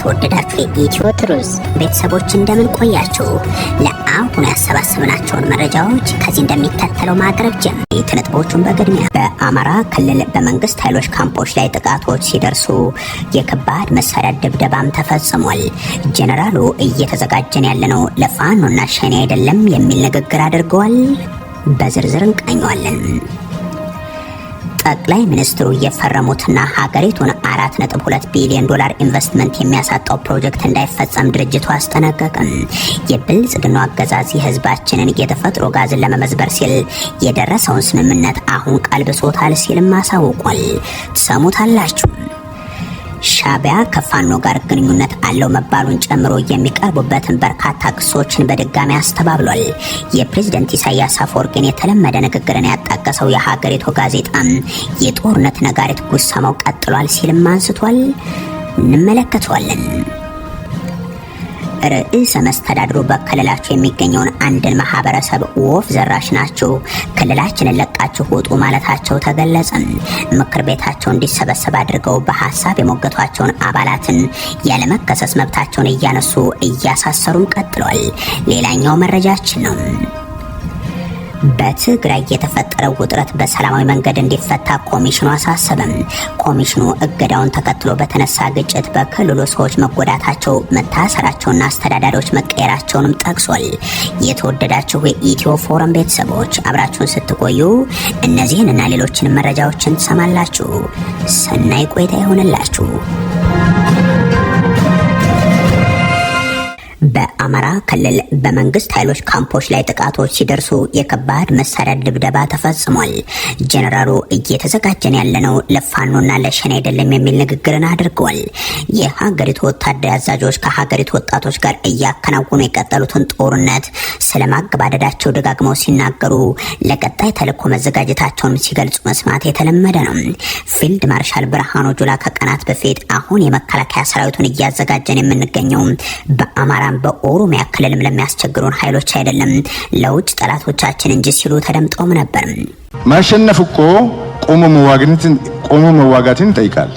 የተወደዳችሁ የኢትዮ ትሩዝ ቤተሰቦች እንደምን ቆያችሁ? ለአሁን ያሰባሰብናቸውን መረጃዎች ከዚህ እንደሚከተለው ማቅረብ ጀምር። ነጥቦቹን በቅድሚያ በአማራ ክልል በመንግስት ኃይሎች ካምፖች ላይ ጥቃቶች ሲደርሱ የከባድ መሳሪያ ድብደባም ተፈጽሟል። ጀነራሉ እየተዘጋጀን ያለነው ለፋኖና ሸኔ አይደለም የሚል ንግግር አድርገዋል። በዝርዝር እንቃኘዋለን። ጠቅላይ ሚኒስትሩ እየፈረሙትና ሀገሪቱን 4.2 ቢሊዮን ዶላር ኢንቨስትመንት የሚያሳጣው ፕሮጀክት እንዳይፈጸም ድርጅቱ አስጠነቀቅም። የብልጽግናው አገዛዝ የህዝባችንን የተፈጥሮ ጋዝን ለመመዝበር ሲል የደረሰውን ስምምነት አሁን ቀልብሶታል ሲልም አሳውቋል። ትሰሙታላችሁ። ሻቢያ ከፋኖ ጋር ግንኙነት አለው መባሉን ጨምሮ የሚቀርቡበትን በርካታ ክሶችን በድጋሚ አስተባብሏል። የፕሬዝደንት ኢሳያስ አፈወርቂን የተለመደ ንግግርን ያጣቀሰው የሀገሪቱ ጋዜጣም የጦርነት ነጋሪት ጉሰማው ቀጥሏል ሲልም አንስቷል። እንመለከተዋለን። ርዕሰ መስተዳድሩ በክልላችሁ የሚገኘውን አንድን ማህበረሰብ ወፍ ዘራሽ ናችሁ፣ ክልላችንን ለቃችሁ ውጡ ማለታቸው ተገለጸም። ምክር ቤታቸው እንዲሰበሰብ አድርገው በሀሳብ የሞገቷቸውን አባላትን ያለመከሰስ መብታቸውን እያነሱ እያሳሰሩም ቀጥሏል። ሌላኛው መረጃችን ነው። በትግራይ የተፈጠረው ውጥረት በሰላማዊ መንገድ እንዲፈታ ኮሚሽኑ አሳሰበም። ኮሚሽኑ እገዳውን ተከትሎ በተነሳ ግጭት በክልሉ ሰዎች መጎዳታቸው፣ መታሰራቸውና አስተዳዳሪዎች መቀየራቸውንም ጠቅሷል። የተወደዳችሁ የኢትዮ ፎረም ቤተሰቦች አብራችሁን ስትቆዩ እነዚህንና ሌሎችን መረጃዎችን ትሰማላችሁ። ሰናይ ቆይታ ይሆንላችሁ። በአማራ ክልል በመንግስት ኃይሎች ካምፖች ላይ ጥቃቶች ሲደርሱ የከባድ መሳሪያ ድብደባ ተፈጽሟል። ጀኔራሉ እየተዘጋጀን ያለነው ለፋኖና ለሸኔ አይደለም የሚል ንግግርን አድርገዋል። የሀገሪቱ ወታደር አዛዦች ከሀገሪቱ ወጣቶች ጋር እያከናወኑ የቀጠሉትን ጦርነት ስለማገባደዳቸው ደጋግመው ሲናገሩ ለቀጣይ ተልዕኮ መዘጋጀታቸውን ሲገልጹ መስማት የተለመደ ነው። ፊልድ ማርሻል ብርሃኑ ጁላ ከቀናት በፊት አሁን የመከላከያ ሰራዊቱን እያዘጋጀን የምንገኘው በአማራ በኦሮሚያ ክልልም ለሚያስቸግሩን ኃይሎች አይደለም ለውጭ ጠላቶቻችን እንጂ ሲሉ ተደምጠውም ነበር። ማሸነፍ እኮ ቆሞ መዋጋትን ይጠይቃል።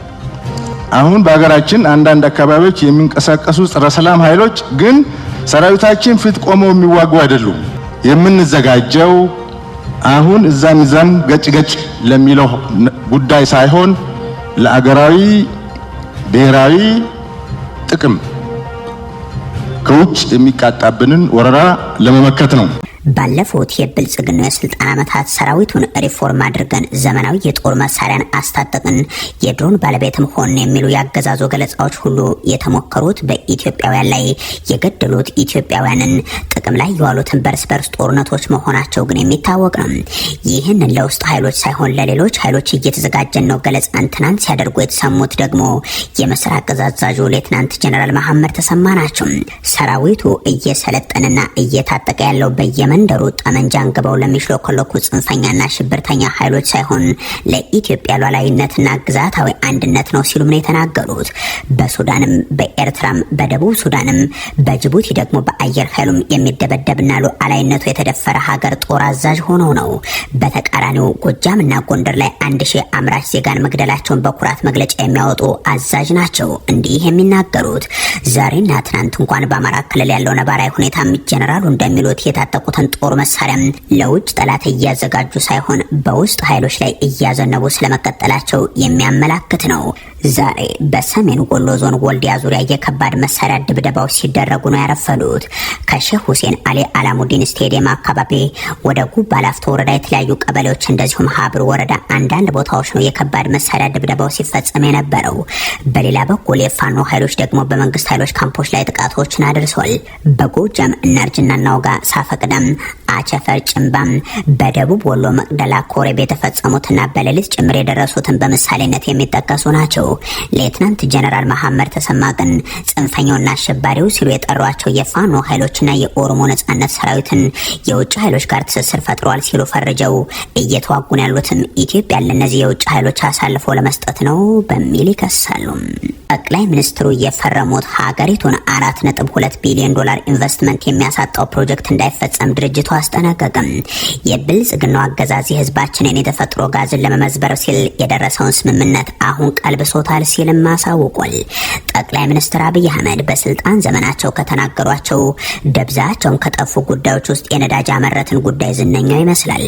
አሁን በሀገራችን አንዳንድ አካባቢዎች የሚንቀሳቀሱ ጸረ ሰላም ኃይሎች ግን ሰራዊታችን ፊት ቆመው የሚዋጉ አይደሉም። የምንዘጋጀው አሁን እዛም እዛም ገጭ ገጭ ለሚለው ጉዳይ ሳይሆን ለአገራዊ ብሔራዊ ጥቅም ከውጭ የሚቃጣብንን ወረራ ለመመከት ነው። ባለፉት የብልጽግና የስልጣን ዓመታት ሰራዊቱን ሪፎርም አድርገን ዘመናዊ የጦር መሳሪያን አስታጠቅን፣ የድሮን ባለቤትም ሆን የሚሉ ያገዛዙ ገለጻዎች ሁሉ የተሞከሩት በኢትዮጵያውያን ላይ የገደሉት ኢትዮጵያውያንን ጥቅም ላይ የዋሉትን በርስ በርስ ጦርነቶች መሆናቸው ግን የሚታወቅ ነው። ይህን ለውስጥ ኃይሎች ሳይሆን ለሌሎች ኃይሎች እየተዘጋጀን ነው ገለጻን ትናንት ሲያደርጉ የተሰሙት ደግሞ የምስራቅ እዝ አዛዡ ሌትናንት ጀነራል መሐመድ ተሰማ ናቸው። ሰራዊቱ እየሰለጠንና እየታጠቀ ያለው በየ ከመንደሩ ጠመንጃ አንግበው ለሚሽለኮለኩ ጽንፈኛና ሽብርተኛ ኃይሎች ሳይሆን ለኢትዮጵያ ሉዓላዊነትና ግዛታዊ አንድነት ነው ሲሉም ነው የተናገሩት። በሱዳንም በኤርትራም በደቡብ ሱዳንም በጅቡቲ ደግሞ በአየር ኃይሉም የሚደበደብና ሉዓላዊነቱ የተደፈረ ሀገር ጦር አዛዥ ሆኖ ነው። በተቃራኒው ጎጃምና ጎንደር ላይ አንድ ሺህ አምራች ዜጋን መግደላቸውን በኩራት መግለጫ የሚያወጡ አዛዥ ናቸው እንዲህ የሚናገሩት። ዛሬና ትናንት እንኳን በአማራ ክልል ያለው ነባራዊ ሁኔታም ጀነራሉ እንደሚሉት የታጠቁት የአሜሪካን ጦር መሳሪያ ለውጭ ጠላት እያዘጋጁ ሳይሆን በውስጥ ኃይሎች ላይ እያዘነቡ ስለመቀጠላቸው የሚያመላክት ነው። ዛሬ በሰሜን ወሎ ዞን ወልዲያ ዙሪያ የከባድ መሳሪያ ድብደባዎች ሲደረጉ ነው ያረፈሉት ከሼህ ሁሴን አሊ አላሙዲን ስቴዲየም አካባቢ ወደ ጉባ ላፍቶ ወረዳ የተለያዩ ቀበሌዎች እንደዚሁም ሀብር ወረዳ አንዳንድ ቦታዎች ነው የከባድ መሳሪያ ድብደባው ሲፈጸም የነበረው። በሌላ በኩል የፋኖ ኃይሎች ደግሞ በመንግስት ኃይሎች ካምፖች ላይ ጥቃቶችን አድርሷል። በጎጃም እናርጅና እናውጋ ሳፈቅደም you. አቸፈር ጭንባም በደቡብ ወሎ መቅደላ ኮረብ የተፈጸሙትና በሌሊት ጭምር የደረሱትን በምሳሌነት የሚጠቀሱ ናቸው። ሌትናንት ጀነራል መሐመድ ተሰማ ግን ጽንፈኛውና አሸባሪው ሲሉ የጠሯቸው የፋኖ ኃይሎችና የኦሮሞ ነጻነት ሰራዊትን የውጭ ኃይሎች ጋር ትስስር ፈጥረዋል ሲሉ ፈርጀው እየተዋጉን ያሉትም ኢትዮጵያ ለእነዚህ የውጭ ኃይሎች አሳልፎ ለመስጠት ነው በሚል ይከሳሉ። ጠቅላይ ሚኒስትሩ የፈረሙት ሀገሪቱን አራት ነጥብ ሁለት ቢሊዮን ዶላር ኢንቨስትመንት የሚያሳጣው ፕሮጀክት እንዳይፈጸም ድርጅቷ አስጠነቀቅም። የብልጽግናው አገዛዝ የህዝባችንን የተፈጥሮ ጋዝን ለመመዝበር ሲል የደረሰውን ስምምነት አሁን ቀልብሶታል ሲልም አሳውቋል። ጠቅላይ ሚኒስትር አብይ አህመድ በስልጣን ዘመናቸው ከተናገሯቸው ደብዛቸውን ከጠፉ ጉዳዮች ውስጥ የነዳጅ አመረትን ጉዳይ ዝነኛው ይመስላል።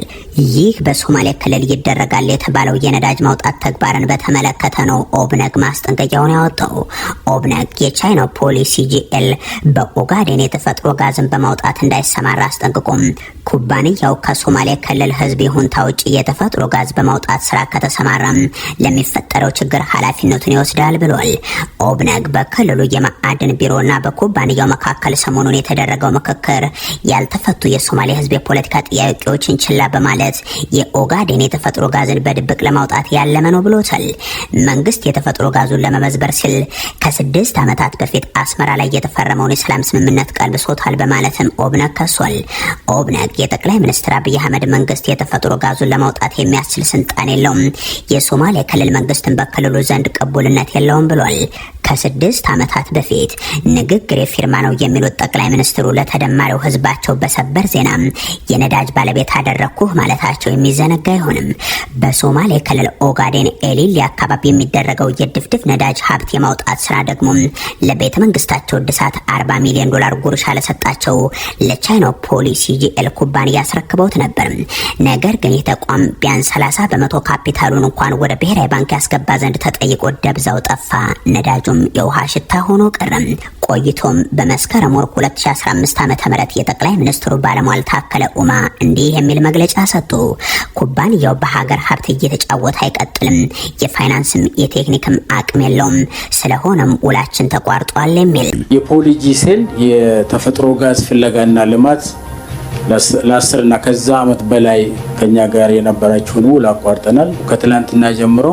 ይህ በሶማሌ ክልል ይደረጋል የተባለው የነዳጅ ማውጣት ተግባርን በተመለከተ ነው ኦብነግ ማስጠንቀቂያውን ያወጣው። ኦብነግ የቻይናው ፖሊሲ ጂኤል በኦጋዴን የተፈጥሮ ጋዝን በማውጣት እንዳይሰማራ አስጠንቅቆም ኩባንያው ከሶማሊያ ክልል ህዝብ ይሁንታ ውጭ የተፈጥሮ ጋዝ በማውጣት ስራ ከተሰማራም ለሚፈጠረው ችግር ኃላፊነቱን ይወስዳል ብሏል። ኦብነግ በክልሉ የማዕድን ቢሮና በኩባንያው መካከል ሰሞኑን የተደረገው ምክክር ያልተፈቱ የሶማሊያ ህዝብ የፖለቲካ ጥያቄዎችን ችላ በማለት የኦጋዴን የተፈጥሮ ጋዝን በድብቅ ለማውጣት ያለመ ነው ብሎታል። መንግስት የተፈጥሮ ጋዙን ለመመዝበር ሲል ከስድስት ዓመታት በፊት አስመራ ላይ የተፈረመውን የሰላም ስምምነት ቀልብሶታል በማለትም ኦብነግ ከሷል። ኦብነግ የጠቅላይ ሚኒስትር አብይ አህመድ መንግስት የተፈጥሮ ጋዙን ለማውጣት የሚያስችል ስልጣን የለውም፣ የሶማሌ ክልል መንግስትን በክልሉ ዘንድ ቅቡልነት የለውም ብሏል። ከስድስት ዓመታት በፊት ንግግር የፊርማ ነው የሚሉት ጠቅላይ ሚኒስትሩ ለተደማሪው ህዝባቸው በሰበር ዜና የነዳጅ ባለቤት አደረግኩህ ማለታቸው የሚዘነጋ አይሆንም። በሶማሌ ክልል ኦጋዴን ኤሊሊ አካባቢ የሚደረገው የድፍድፍ ነዳጅ ሀብት የማውጣት ስራ ደግሞ ለቤተ መንግስታቸው እድሳት 40 ሚሊዮን ዶላር ጉርሻ ለሰጣቸው ለቻይናው ፖሊሲ ጂኤል ኩባንያ አስረክበውት ነበር። ነገር ግን ይህ ተቋም ቢያንስ 30 በመቶ ካፒታሉን እንኳን ወደ ብሔራዊ ባንክ ያስገባ ዘንድ ተጠይቆ ደብዛው ጠፋ ነዳጁ ሆኖም የውሃ ሽታ ሆኖ ቀረም። ቆይቶም በመስከረም ወር 2015 ዓ.ም የጠቅላይ ሚኒስትሩ ባለሟል ታከለ ኡማ እንዲህ የሚል መግለጫ ሰጡ። ኩባንያው በሀገር ሀብት እየተጫወተ አይቀጥልም፣ የፋይናንስም የቴክኒክም አቅም የለውም። ስለሆነም ውላችን ተቋርጧል የሚል የፖሊጂ ሴል የተፈጥሮ ጋዝ ፍለጋና ልማት ለአስር እና ከዛ አመት በላይ ከኛ ጋር የነበራችሁን ውል አቋርጠናል። ከትላንትና ጀምሮ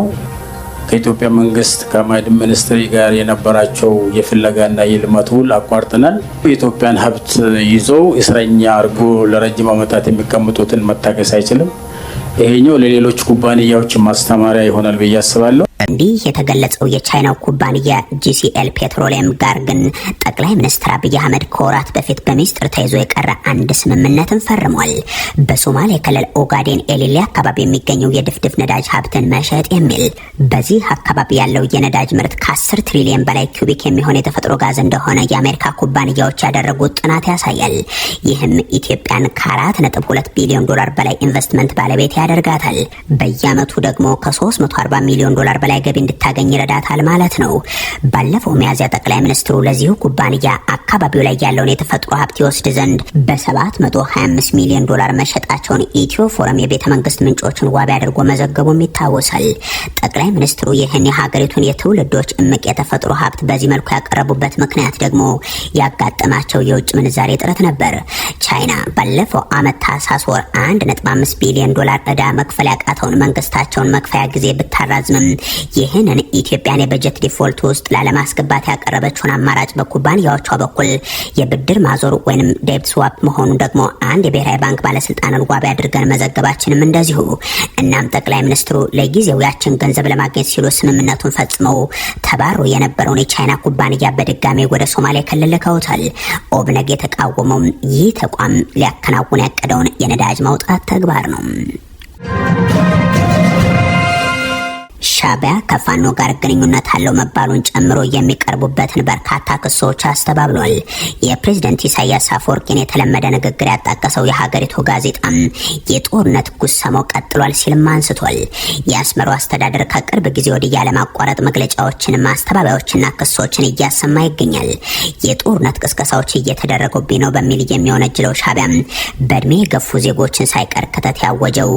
ከኢትዮጵያ መንግስት ከማዕድን ሚኒስትሪ ጋር የነበራቸው የፍለጋና የልማት ውል አቋርጥናል። የኢትዮጵያን ሀብት ይዞ እስረኛ አድርጎ ለረጅም ዓመታት የሚቀምጡትን መታገስ አይችልም። ይሄኛው ለሌሎች ኩባንያዎች ማስተማሪያ ይሆናል ብዬ አስባለሁ። እንዲህ የተገለጸው የቻይናው ኩባንያ ጂሲኤል ፔትሮሊየም ጋር ግን ጠቅላይ ሚኒስትር አብይ አህመድ ከወራት በፊት በሚስጥር ተይዞ የቀረ አንድ ስምምነትን ፈርሟል። በሶማሌ ክልል ኦጋዴን ኤሊሌ አካባቢ የሚገኘው የድፍድፍ ነዳጅ ሀብትን መሸጥ የሚል በዚህ አካባቢ ያለው የነዳጅ ምርት ከ10 ትሪሊየን በላይ ኪዩቢክ የሚሆን የተፈጥሮ ጋዝ እንደሆነ የአሜሪካ ኩባንያዎች ያደረጉት ጥናት ያሳያል። ይህም ኢትዮጵያን ከአራት ነጥብ 2 ቢሊዮን ዶላር በላይ ኢንቨስትመንት ባለቤት ያደርጋታል። በየዓመቱ ደግሞ ከ340 ሚሊዮን ዶላር በላይ በላይ ገቢ እንድታገኝ ይረዳታል ማለት ነው። ባለፈው ሚያዝያ ጠቅላይ ሚኒስትሩ ለዚሁ ኩባንያ አካባቢው ላይ ያለውን የተፈጥሮ ሀብት ይወስድ ዘንድ በ725 ሚሊዮን ዶላር መሸጣቸውን ኢትዮ ፎረም የቤተ መንግስት ምንጮችን ዋቢ አድርጎ መዘገቡም ይታወሳል። ጠቅላይ ሚኒስትሩ ይህን የሀገሪቱን የትውልዶች እምቅ የተፈጥሮ ሀብት በዚህ መልኩ ያቀረቡበት ምክንያት ደግሞ ያጋጠማቸው የውጭ ምንዛሬ ጥረት ነበር። ቻይና ባለፈው አመት ታህሳስ ወር 1.5 ቢሊዮን ዶላር እዳ መክፈል ያቃተውን መንግስታቸውን መክፈያ ጊዜ ብታራዝምም ይህንን ኢትዮጵያን የበጀት ዲፎልት ውስጥ ላለማስገባት ያቀረበችውን አማራጭ በኩባንያዎቿ በኩል የብድር ማዞር ወይም ዴብት ስዋፕ መሆኑን ደግሞ አንድ የብሔራዊ ባንክ ባለስልጣንን ዋቢ አድርገን መዘገባችንም እንደዚሁ። እናም ጠቅላይ ሚኒስትሩ ለጊዜው ያችን ገንዘብ ለማግኘት ሲሉ ስምምነቱን ፈጽመው ተባሮ የነበረውን የቻይና ኩባንያ በድጋሚ ወደ ሶማሊያ ክልል ልከውታል። ኦብነግ የተቃወመውም ይህ ተቋም ሊያከናውን ያቀደውን የነዳጅ ማውጣት ተግባር ነው። ሻቢያ ከፋኖ ጋር ግንኙነት አለው መባሉን ጨምሮ የሚቀርቡበትን በርካታ ክሶች አስተባብሏል። የፕሬዝደንት ኢሳያስ አፈወርቂን የተለመደ ንግግር ያጣቀሰው የሀገሪቱ ጋዜጣም የጦርነት ጉሰማው ቀጥሏል ሲልም አንስቷል። የአስመራው አስተዳደር ከቅርብ ጊዜ ወዲህ ያለማቋረጥ መግለጫዎችን፣ ማስተባበያዎችና ክሶችን እያሰማ ይገኛል። የጦርነት ቅስቀሳዎች እየተደረጉብኝ ነው በሚል የሚወነጅለው ሻዕቢያም በእድሜ የገፉ ዜጎችን ሳይቀር ክተት ያወጀው፣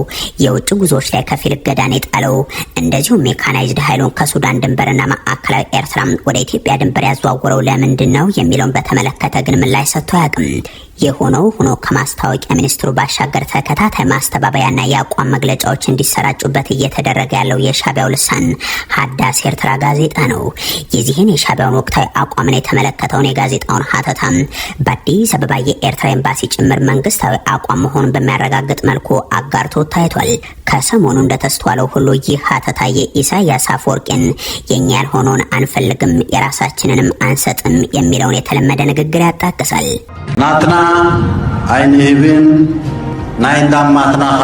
የውጭ ጉዞዎች ላይ ከፊል እገዳን የጣለው እንደዚሁም ሜካናይዝድ ኃይሉን ከሱዳን ድንበርና ማዕከላዊ ኤርትራ ወደ ኢትዮጵያ ድንበር ያዘዋውረው ለምንድን ነው የሚለውን በተመለከተ ግን ምላሽ ሰጥቶ አያውቅም። የሆነው ሆኖ ከማስታወቂያ ሚኒስትሩ ባሻገር ተከታታይ ማስተባበያና የአቋም መግለጫዎች እንዲሰራጩበት እየተደረገ ያለው የሻቢያው ልሳን ሀዳስ ኤርትራ ጋዜጣ ነው። የዚህን የሻቢያውን ወቅታዊ አቋምን የተመለከተውን የጋዜጣውን ሀተታም በአዲስ አበባ የኤርትራ ኤምባሲ ጭምር መንግስታዊ አቋም መሆኑን በሚያረጋግጥ መልኩ አጋርቶ ታይቷል። ከሰሞኑ እንደተስተዋለው ሁሉ ይህ ሀተታ የኢሳያስ አፈወርቂን የኛ ያልሆነውን አንፈልግም የራሳችንንም አንሰጥም የሚለውን የተለመደ ንግግር ያጣቅሳል። አይንህብን ናይንዳማትናኻ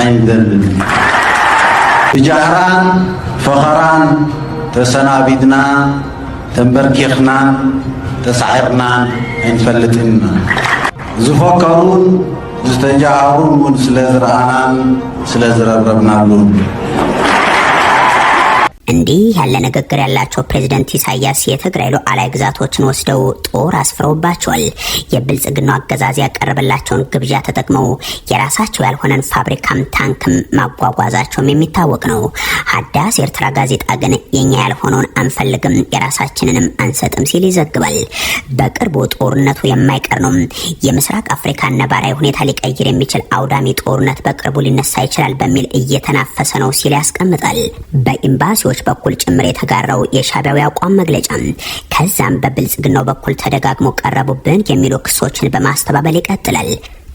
ኣይንደልን ብጃህራን ፈኸራን ተሰናቢድና ተንበርኪኽናን ተሳዒርናን ኣይንፈልጥና ዝፈከሩን ዝተጃሃሩን እውን ስለ ዝረአናን ስለ ዝረብረብናሉን እንዲህ ያለ ንግግር ያላቸው ፕሬዝደንት ኢሳያስ የትግራይ ሉዓላዊ ግዛቶችን ወስደው ጦር አስፍረውባቸዋል። የብልጽግናው አገዛዝ ያቀረበላቸውን ግብዣ ተጠቅመው የራሳቸው ያልሆነን ፋብሪካም ታንክም ማጓጓዛቸውም የሚታወቅ ነው። ሀዳስ ኤርትራ ጋዜጣ ግን የኛ ያልሆነውን አንፈልግም የራሳችንንም አንሰጥም ሲል ይዘግባል። በቅርቡ ጦርነቱ የማይቀር ነው። የምስራቅ አፍሪካን ነባራዊ ሁኔታ ሊቀይር የሚችል አውዳሚ ጦርነት በቅርቡ ሊነሳ ይችላል በሚል እየተናፈሰ ነው ሲል ያስቀምጣል። በኤምባሲዎች በሌሎች በኩል ጭምር የተጋራው የሻዕቢያው አቋም መግለጫ ከዛም በብልጽግናው በኩል ተደጋግሞ ቀረቡብን የሚሉ ክሶችን በማስተባበል ይቀጥላል።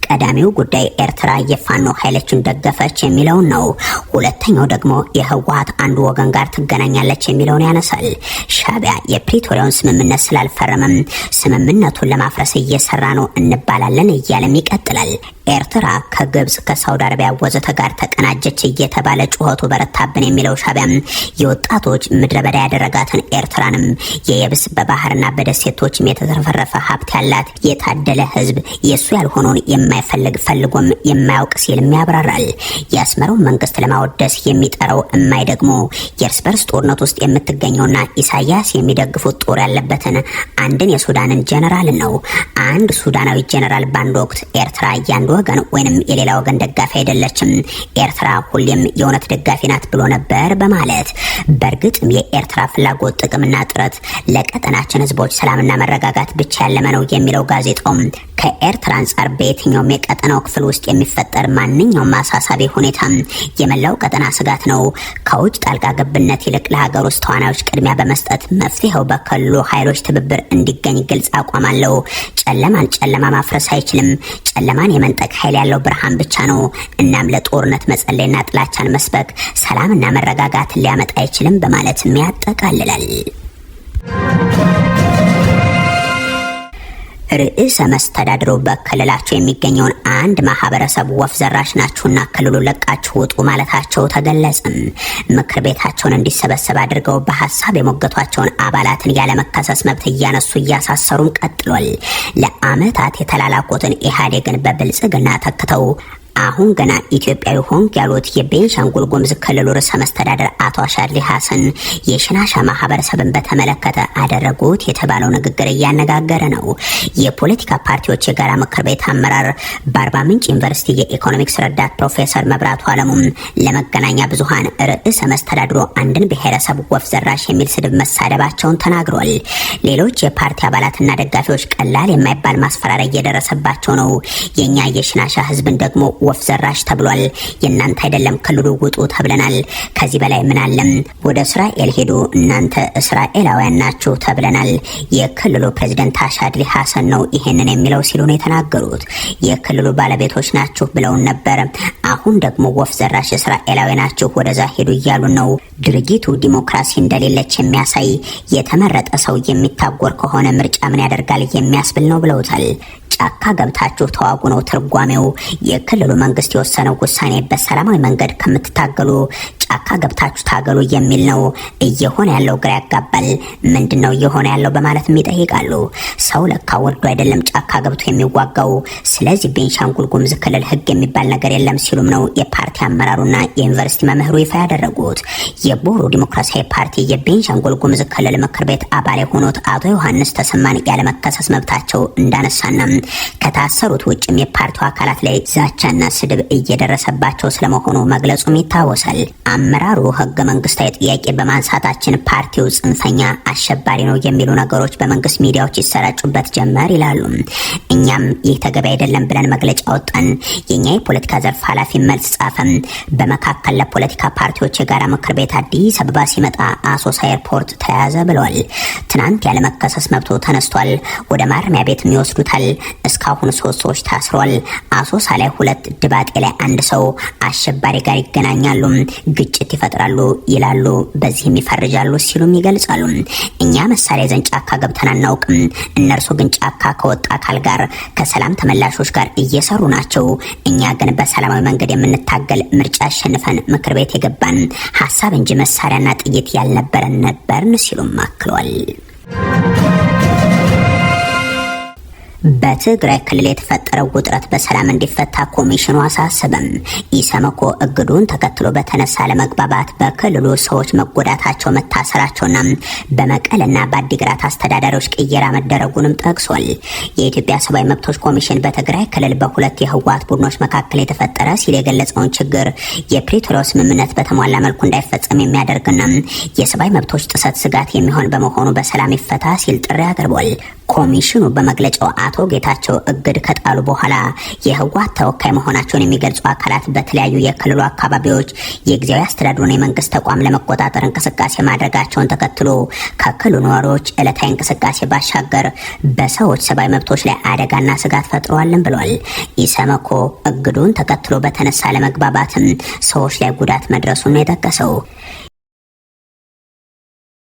ቀዳሚው ጉዳይ ኤርትራ የፋኖ ኃይሎችን ደገፈች የሚለውን ነው። ሁለተኛው ደግሞ የህወሀት አንዱ ወገን ጋር ትገናኛለች የሚለውን ያነሳል። ሻቢያ የፕሪቶሪያውን ስምምነት ስላልፈረመም ስምምነቱን ለማፍረስ እየሰራ ነው እንባላለን እያለም ይቀጥላል። ኤርትራ ከግብጽ ከሳውዲ አረቢያ ወዘተ ጋር ተቀናጀች እየተባለ ጩኸቱ በረታብን የሚለው ሻቢያም የወጣቶች ምድረ በዳ ያደረጋትን ኤርትራንም የየብስ በባህርና በደሴቶችም የተትረፈረፈ ሀብት ያላት የታደለ ህዝብ የእሱ ያልሆኑን የማይፈልግ ፈልጎም የማያውቅ ሲልም ያብራራል። የአስመራውን መንግስት ለማወደስ የሚጠራው እማይ ደግሞ የእርስ በርስ ጦርነት ውስጥ የምትገኘውና ኢሳያስ የሚደግፉት ጦር ያለበትን አንድን የሱዳንን ጀኔራል ነው። አንድ ሱዳናዊ ጀነራል በአንድ ወቅት ኤርትራ እያንዱ ወገን ወይንም የሌላ ወገን ደጋፊ አይደለችም፣ ኤርትራ ሁሌም የእውነት ደጋፊ ናት ብሎ ነበር በማለት በእርግጥም የኤርትራ ፍላጎት ጥቅምና ጥረት ለቀጠናችን ህዝቦች ሰላምና መረጋጋት ብቻ ያለመ ነው የሚለው ጋዜጣውም ከኤርትራ አንጻር በየትኛውም የቀጠናው ክፍል ውስጥ የሚፈጠር ማንኛውም አሳሳቢ ሁኔታ የመላው ቀጠና ስጋት ነው። ከውጭ ጣልቃ ገብነት ይልቅ ለሀገር ውስጥ ተዋናዮች ቅድሚያ በመስጠት መፍትሄው በክልሉ ኃይሎች ትብብር እንዲገኝ ግልጽ አቋም አለው። ጨለማን ጨለማ ማፍረስ አይችልም። ጨለማን የመንጠ የሚያስታጥቅ ኃይል ያለው ብርሃን ብቻ ነው። እናም ለጦርነት መጸለይና ጥላቻን መስበክ ሰላምና መረጋጋትን ሊያመጣ አይችልም በማለት ያጠቃልላል። ርዕሰ መስተዳድሩ በክልላቸው የሚገኘውን አንድ ማህበረሰብ ወፍ ዘራሽ ናችሁና ክልሉን ለቃችሁ ውጡ ማለታቸው ተገለጽም። ምክር ቤታቸውን እንዲሰበሰብ አድርገው በሀሳብ የሞገቷቸውን አባላትን ያለመከሰስ መብት እያነሱ እያሳሰሩም ቀጥሏል። ለአመታት የተላላኩትን ኢህአዴግን በብልጽግና ተክተው አሁን ገና ኢትዮጵያዊ ሆንክ ያሉት የቤንሻንጉል ጉሙዝ ክልሉ ርዕሰ መስተዳደር አቶ አሻድሊ ሀሰን የሽናሻ ማህበረሰብን በተመለከተ አደረጉት የተባለው ንግግር እያነጋገረ ነው። የፖለቲካ ፓርቲዎች የጋራ ምክር ቤት አመራር በአርባ ምንጭ ዩኒቨርሲቲ የኢኮኖሚክስ ረዳት ፕሮፌሰር መብራቱ አለሙም ለመገናኛ ብዙሀን ርዕሰ መስተዳድሩ አንድን ብሔረሰብ ወፍ ዘራሽ የሚል ስድብ መሳደባቸውን ተናግሯል። ሌሎች የፓርቲ አባላትና ደጋፊዎች ቀላል የማይባል ማስፈራሪያ እየደረሰባቸው ነው። የእኛ የሽናሻ ህዝብን ደግሞ ወፍ ዘራሽ ተብሏል። የእናንተ አይደለም ክልሉ ውጡ ተብለናል። ከዚህ በላይ ምን አለም? ወደ እስራኤል ሄዱ፣ እናንተ እስራኤላውያን ናችሁ ተብለናል። የክልሉ ፕሬዚደንት አሻድሊ ሀሰን ነው ይሄንን የሚለው ሲሉ ነው የተናገሩት። የክልሉ ባለቤቶች ናችሁ ብለውን ነበር። አሁን ደግሞ ወፍ ዘራሽ እስራኤላዊ ናችሁ ወደዛ ሄዱ እያሉ ነው። ድርጊቱ ዲሞክራሲ እንደሌለች የሚያሳይ የተመረጠ ሰው የሚታጎር ከሆነ ምርጫ ምን ያደርጋል የሚያስብል ነው ብለውታል። ጫካ ገብታችሁ ተዋጉ ነው ትርጓሜው። የክልሉ መንግስት የወሰነው ውሳኔ በሰላማዊ መንገድ ከምትታገሉ ጫካ ገብታችሁ ታገሉ የሚል ነው። እየሆነ ያለው ግራ ያጋባል። ምንድን ነው እየሆነ ያለው በማለትም ይጠይቃሉ። ሰው ለካ ወርዶ አይደለም ጫካ ገብቶ የሚዋጋው። ስለዚህ ቤንሻንጉል ጉምዝ ክልል ህግ የሚባል ነገር የለም ሲሉም ነው የፓርቲ አመራሩና የዩኒቨርሲቲ መምህሩ ይፋ ያደረጉት። የቦሮ ዲሞክራሲያዊ ፓርቲ የቤንሻንጉል ጉምዝ ክልል ምክር ቤት አባል የሆኑት አቶ ዮሐንስ ተሰማን ያለመከሰስ መብታቸው እንዳነሳና ከታሰሩት ውጭም የፓርቲው አካላት ላይ ዛቻና ስድብ እየደረሰባቸው ስለመሆኑ መግለጹም ይታወሳል። አመራሩ ህገ መንግስታዊ ጥያቄ በማንሳታችን ፓርቲው ጽንፈኛ አሸባሪ ነው የሚሉ ነገሮች በመንግስት ሚዲያዎች ይሰራጩበት ጀመር ይላሉ። እኛም ይህ ተገቢ አይደለም ብለን መግለጫ አወጣን። የኛ የፖለቲካ ዘርፍ ኃላፊ መልስ ጻፈም። በመካከል ለፖለቲካ ፓርቲዎች የጋራ ምክር ቤት አዲስ አበባ ሲመጣ አሶሳ ኤርፖርት ተያዘ ብለዋል። ትናንት ያለመከሰስ መብቶ ተነስቷል። ወደ ማረሚያ ቤት ይወስዱታል። እስካሁን ሶስት ሰዎች ታስሯል። አሶሳ ላይ ሁለት፣ ድባጤ ላይ አንድ ሰው አሸባሪ ጋር ይገናኛሉ፣ ግጭት ይፈጥራሉ ይላሉ፣ በዚህም ይፈርጃሉ ሲሉም ይገልጻሉ። እኛ መሳሪያ ይዘን ጫካ ገብተን አናውቅም። እነርሱ ግን ጫካ ከወጣ አካል ጋር ከሰላም ተመላሾች ጋር እየሰሩ ናቸው። እኛ ግን በሰላማዊ መንገድ የምንታገል ምርጫ አሸንፈን ምክር ቤት የገባን ሀሳብ እንጂ መሳሪያና ጥይት ያልነበረን ነበርን ሲሉም አክሏል። በትግራይ ክልል የተፈጠረው ውጥረት በሰላም እንዲፈታ ኮሚሽኑ አሳሰበም። ኢሰመኮ እግዱን ተከትሎ በተነሳ ለመግባባት በክልሉ ሰዎች መጎዳታቸው፣ መታሰራቸውና በመቀለና በአዲግራት አስተዳዳሪዎች ቅየራ መደረጉንም ጠቅሷል። የኢትዮጵያ ሰብአዊ መብቶች ኮሚሽን በትግራይ ክልል በሁለት የህወሓት ቡድኖች መካከል የተፈጠረ ሲል የገለጸውን ችግር የፕሪቶሪያው ስምምነት በተሟላ መልኩ እንዳይፈጸም የሚያደርግና የሰብአዊ መብቶች ጥሰት ስጋት የሚሆን በመሆኑ በሰላም ይፈታ ሲል ጥሪ አቅርቧል። ኮሚሽኑ በመግለጫው አቶ ጌታቸው እግድ ከጣሉ በኋላ የህወሓት ተወካይ መሆናቸውን የሚገልጹ አካላት በተለያዩ የክልሉ አካባቢዎች የጊዜያዊ አስተዳደሩን የመንግስት ተቋም ለመቆጣጠር እንቅስቃሴ ማድረጋቸውን ተከትሎ ከክልሉ ነዋሪዎች ዕለታዊ እንቅስቃሴ ባሻገር በሰዎች ሰብአዊ መብቶች ላይ አደጋና ስጋት ፈጥረዋልን ብሏል። ኢሰመኮ እግዱን ተከትሎ በተነሳ ለመግባባትም ሰዎች ላይ ጉዳት መድረሱን የጠቀሰው።